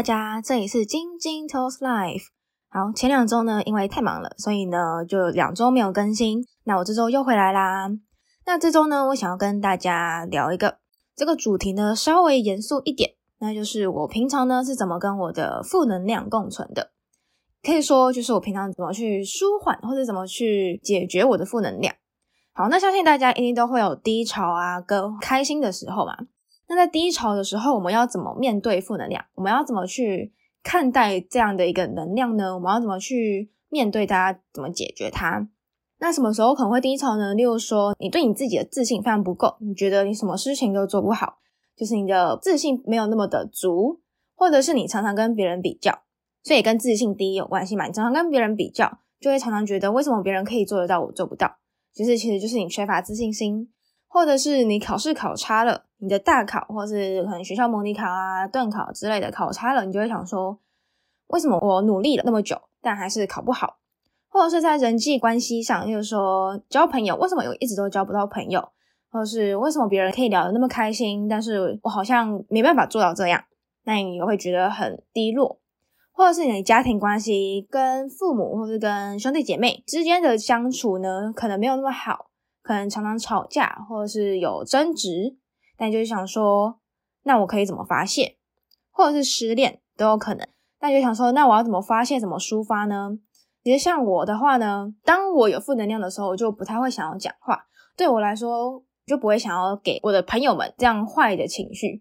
大家，這裡是晶晶 Toast Life。好，前兩周呢，因為太忙了，所以呢就兩周沒有更新。那我這周又回來啦。那這周呢，我想要跟大家聊一個，這個主題呢稍微嚴肅一點，那就是我平常呢是怎麼跟我的負能量共存的。可以說，就是我平常怎麼去舒緩，或者怎麼去解決我的負能量。好，那相信大家一定都會有低潮啊，跟開心的時候嘛。那在低潮的時候，我們要怎麼面對負能量？我們要怎麼去看待這樣的一個能量呢？我們要怎麼去面對它？怎麼解決它？那什麼時候可能會低潮呢？例如說，你對你自己的自信非常不夠，你覺得你什麼事情都做不好，就是你的自信沒有那麼的足，或者是你常常跟別人比較，所以跟自信低有關係嘛？你常常跟別人比較，就會常常覺得為什麼別人可以做得到，我做不到？其實其實就是你缺乏自信心，或者是你考試考差了。你的大考，或是可能學校模擬考啊、段考之類的考差了，你就會想說，為什麼我努力了那麼久，但還是考不好？或者是在人際關係上，就是說交朋友，為什麼我一直都交不到朋友？或者是為什麼別人可以聊得那麼開心，但是我好像沒辦法做到這樣？那你也會覺得很低落。或者是你的家庭關係，跟父母或是跟兄弟姐妹之間的相處呢，可能沒有那麼好，可能常常吵架，或者是有爭執。那就想說，那我可以怎麼發洩，或者是失戀都有可能。那就想說，那我要怎麼發洩，怎麼抒發呢？其實像我的話呢，當我有負能量的時候，我就不太會想要講話。對我來說，就不會想要給我的朋友們這樣壞的情緒，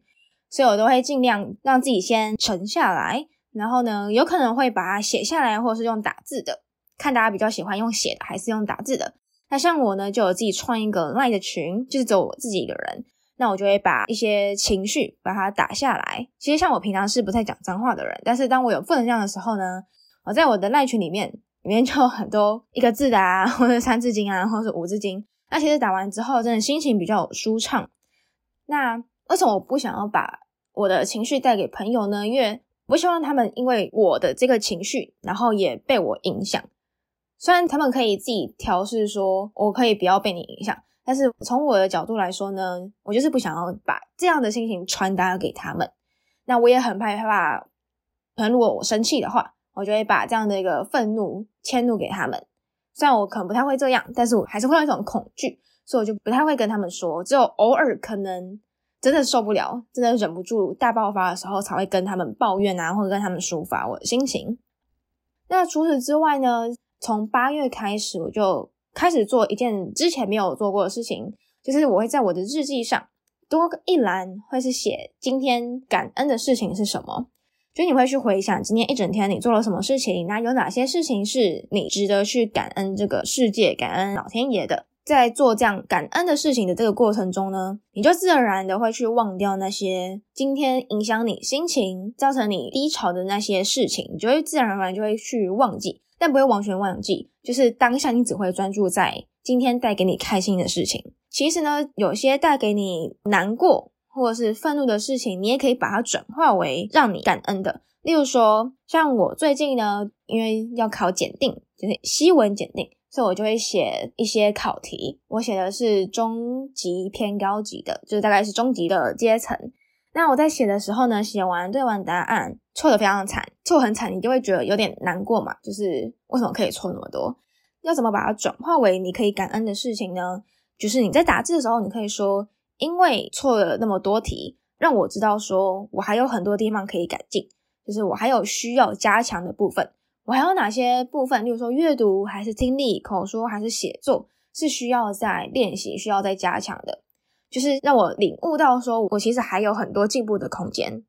所以我都會盡量讓自己先沉下來，然後呢，有可能會把它寫下來，或者是用打字的。看大家比較喜歡用寫的還是用打字的。那像我呢，就有自己創一個 Line 的群，就是只有我自己一個人。那我就會把一些情緒把它打下來。其實像我平常是不太講髒話的人，但是當我有負能量的時候呢，我在我的 LINE 群裡面，裡面就很多一個字的啊，或者三字經啊，或者是五字經。那其實打完之後，真的心情比較舒暢。那為什麼我不想要把我的情緒帶給朋友呢？因為不希望他們因為我的這個情緒，然後也被我影響。雖然他們可以自己調試說，說我可以不要被你影響。但是從我的角度來說呢，我就是不想要把這樣的心情傳達給他們。那我也很害怕，可能如果我生氣的話，我就會把這樣的一個憤怒遷怒給他們。雖然我可能不太會這樣，但是我還是會有一種恐懼，所以我就不太會跟他們說。只有偶爾可能真的受不了，真的忍不住大爆發的時候，才會跟他們抱怨啊，或者跟他們抒發我的心情。那除此之外呢，從八月開始我就。開始做一件之前沒有做過的事情，就是我會在我的日記上多一欄，會是寫今天感恩的事情是什麼。所以你會去回想今天一整天你做了什麼事情，那有哪些事情是你值得去感恩這個世界、感恩老天爺的。在做這樣感恩的事情的這個過程中呢，你就自然而然的會去忘掉那些今天影響你心情、造成你低潮的那些事情，你就會自然而然就會去忘記。但不會完全忘記，就是當下你只會專注在今天帶給你開心的事情。其實呢，有些帶給你難過或者是憤怒的事情，你也可以把它轉化為讓你感恩的。例如說，像我最近呢，因為要考檢定，就是西文檢定，所以我就會寫一些考題。我寫的是中級偏高級的，就是大概是中級的階層。那我在寫的時候呢，寫完對完答案，錯得非常慘，錯很慘，你就會覺得有點難過嘛。就是為什麼可以錯那麼多？要怎麼把它轉化為你可以感恩的事情呢？就是你在打字的時候，你可以說，因為錯了那麼多題，讓我知道說，我還有很多地方可以改進，就是我還有需要加強的部分，我還有哪些部分，例如說閱讀還是聽力，口說還是寫作，是需要再練習，需要再加強的。就是讓我領悟到說，我其實還有很多進步的空間。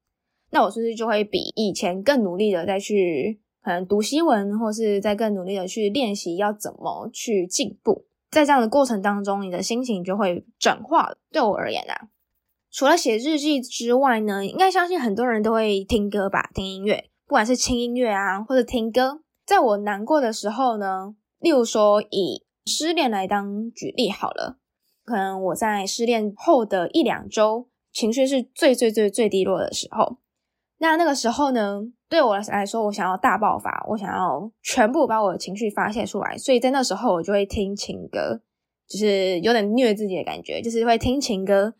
那我是不是就會比以前更努力的再去，可能讀新聞，或是再更努力的去練習要怎麼去進步？在這樣的過程當中，你的心情就會轉化。對我而言啊，除了寫日記之外呢，應該相信很多人都會聽歌吧，聽音樂，不管是輕音樂啊，或者聽歌。在我難過的時候呢，例如說以失戀來當舉例好了。可能我在失戀後的一兩週，情緒是最最最最低落的時候。那那個時候呢，對我來說，我想要大爆發，我想要全部把我的情緒發洩出來。所以在那時候，我就會聽情歌，就是有點虐自己的感覺。就是會聽情歌，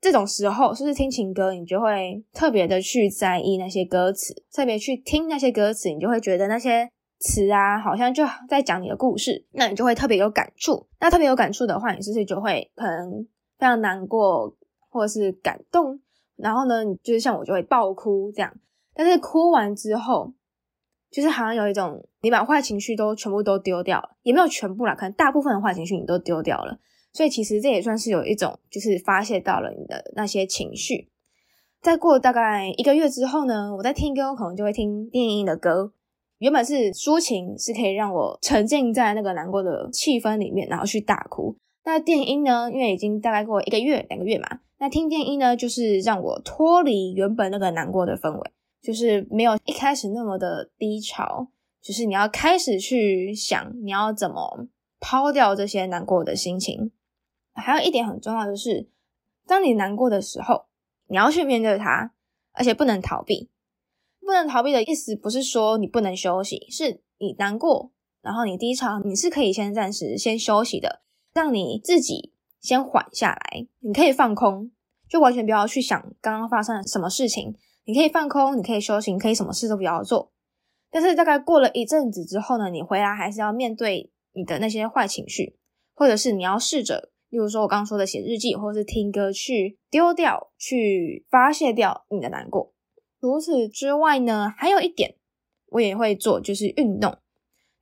這種時候，是不是聽情歌，你就會特別的去在意那些歌詞，特別去聽那些歌詞，你就會覺得那些。詞啊，好像就在講你的故事，那你就會特別有感觸，那特別有感觸的話，你是不是就會可能非常難過，或者是感動。然後呢，你就是像我就會爆哭這樣。但是哭完之後，就是好像有一種你把壞情緒都全部都丟掉了，也沒有全部啦，可能大部分的壞情緒你都丟掉了。所以其實這也算是有一種就是發泄到了你的那些情緒。再過大概一個月之後呢，我在聽歌，我可能就會聽電音的歌。原本是抒情，是可以讓我沉浸在那個難過的氣氛裡面，然後去大哭。那電音呢？因為已經大概過一個月、兩個月嘛，那聽電音呢，就是讓我脫離原本那個難過的氛圍，就是沒有一開始那麼的低潮，就是你要開始去想，你要怎麼拋掉這些難過的心情。還有一點很重要的是，當你難過的時候，你要去面對它，而且不能逃避。不能逃避的意思不是說你不能休息，是你難過，然後你第一場你是可以先暫時先休息的，讓你自己先緩下來，你可以放空，就完全不要去想剛剛發生了什麼事情，你可以放空，你可以休息，你可以什麼事都不要做。但是大概過了一陣子之後呢，你回來還是要面對你的那些壞情緒，或者是你要試着，例如說我剛剛說的寫日記，或者是聽歌去丟掉、去發洩掉你的難過。除此之外呢，還有一點我也會做，就是運動。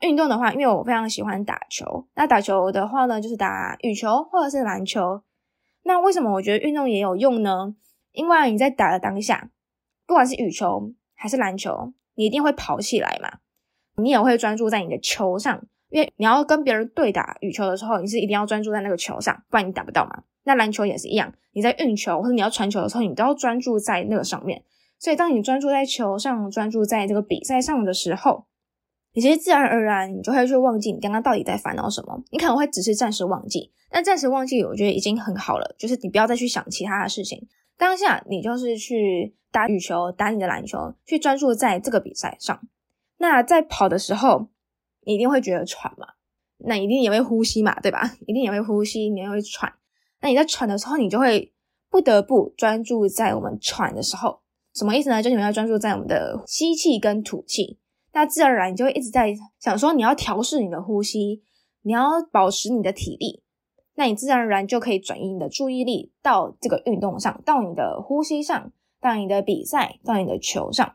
運動的話，因為我非常喜歡打球。那打球的話呢，就是打羽球或者是籃球。那為什麼我覺得運動也有用呢？因為你在打的當下，不管是羽球還是籃球，你一定會跑起來嘛。你也會專注在你的球上，因為你要跟別人對打羽球的時候，你是一定要專注在那個球上，不然你打不到嘛。那籃球也是一樣，你在運球或者你要傳球的時候，你都要專注在那個上面。所以，當你專注在球上，專注在這個比賽上的時候，你其實自然而然你就會去忘記你剛剛到底在煩惱什麼。你可能會只是暫時忘記，但暫時忘記，我覺得已經很好了。就是你不要再去想其他的事情，當下你就是去打羽球，打你的籃球，去專注在這個比賽上。那在跑的時候，你一定會覺得喘嘛，那一定也會呼吸嘛，對吧？一定也會呼吸，你也會喘。那你在喘的時候，你就會不得不專注在我們喘的時候。什麼意思呢？就是、你們要專注在我們的吸氣跟吐氣，那自然而然你就會一直在想說，你要調試你的呼吸，你要保持你的體力，那你自然而然就可以轉移你的注意力到這個運動上，到你的呼吸上，到你的比賽，到你的球上。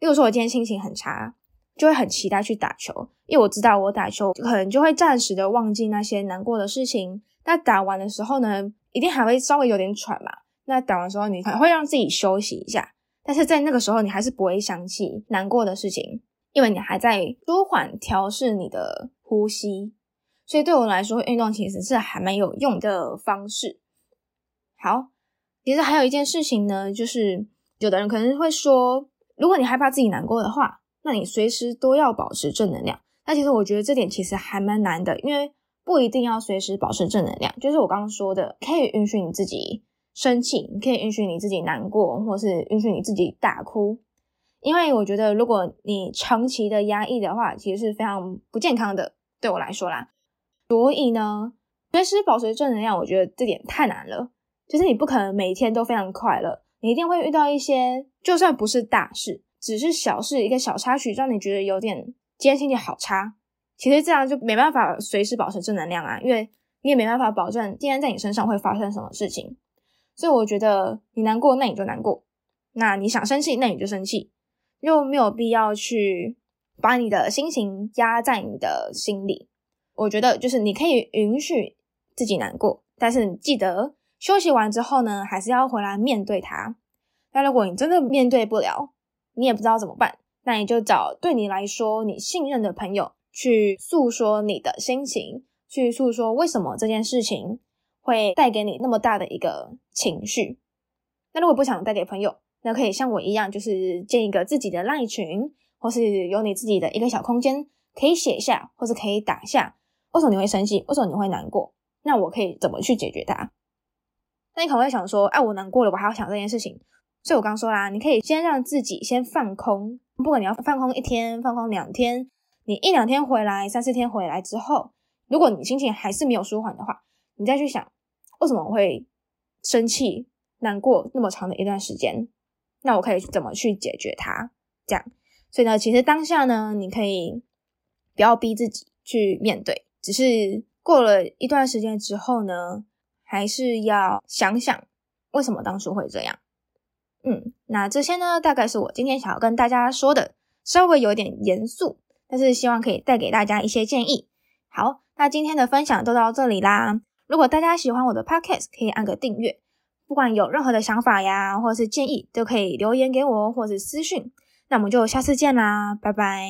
例如說，我今天心情很差，就會很期待去打球，因為我知道我打球可能就會暫時的忘記那些難過的事情。那打完的時候呢，一定還會稍微有點喘嘛。那打完之後，你可能會讓自己休息一下，但是在那個時候，你還是不會想起難過的事情，因為你還在舒緩調適你的呼吸。所以對我來說，運動其實是還蠻有用的方式。好，其實還有一件事情呢，就是有的人可能會說，如果你害怕自己難過的話，那你隨時都要保持正能量。那其實我覺得這點其實還蠻難的，因為不一定要隨時保持正能量，就是我剛剛說的，可以允許你自己。生氣，你可以允許你自己難過，或是允許你自己大哭，因為我覺得如果你長期的壓抑的話，其實是非常不健康的。對我來說啦，所以呢，隨時保持正能量，我覺得這點太難了。就是你不可能每天都非常快樂，你一定會遇到一些，就算不是大事，只是小事，一個小插曲，讓你覺得有點今天心情好差。其實這樣就沒辦法隨時保持正能量啊，因為你也沒辦法保證今天在你身上會發生什麼事情。所以我覺得你難過，那你就難過；那你想生氣，那你就生氣，又沒有必要去把你的心情壓在你的心裡。我覺得就是你可以允許自己難過，但是你記得休息完之後呢，還是要回來面對它。那如果你真的面對不了，你也不知道怎麼辦，那你就找對你來說你信任的朋友去訴說你的心情，去訴說為什麼這件事情，會帶給你那麼大的一個情緒。那如果不想帶給朋友，那可以像我一樣，就是建一個自己的賴群，或是有你自己的一個小空間，可以寫下，或是可以打下，為什麼你會生氣？為什麼你會難過？那我可以怎麼去解決它？那你可能會想說，哎、啊，我難過了，我還要想這件事情。所以我剛說啦，你可以先讓自己先放空。不管你要放空一天，放空兩天，你一兩天回來，三四天回來之後，如果你心情還是沒有舒緩的話，你再去想。為什麼我會生氣、難過那麼長的一段時間？那我可以怎麼去解決它？這樣，所以呢，其實當下呢，你可以不要逼自己去面對，只是過了一段時間之後呢，還是要想想為什麼當初會這樣。嗯，那這些呢，大概是我今天想要跟大家說的，稍微有點嚴肅，但是希望可以帶給大家一些建議。好，那今天的分享就到這裡啦。如果大家喜歡我的 podcast，可以按個訂閱。不管有任何的想法呀，或是建議，都可以留言給我，或是私訊。那我們就下次見啦，拜拜。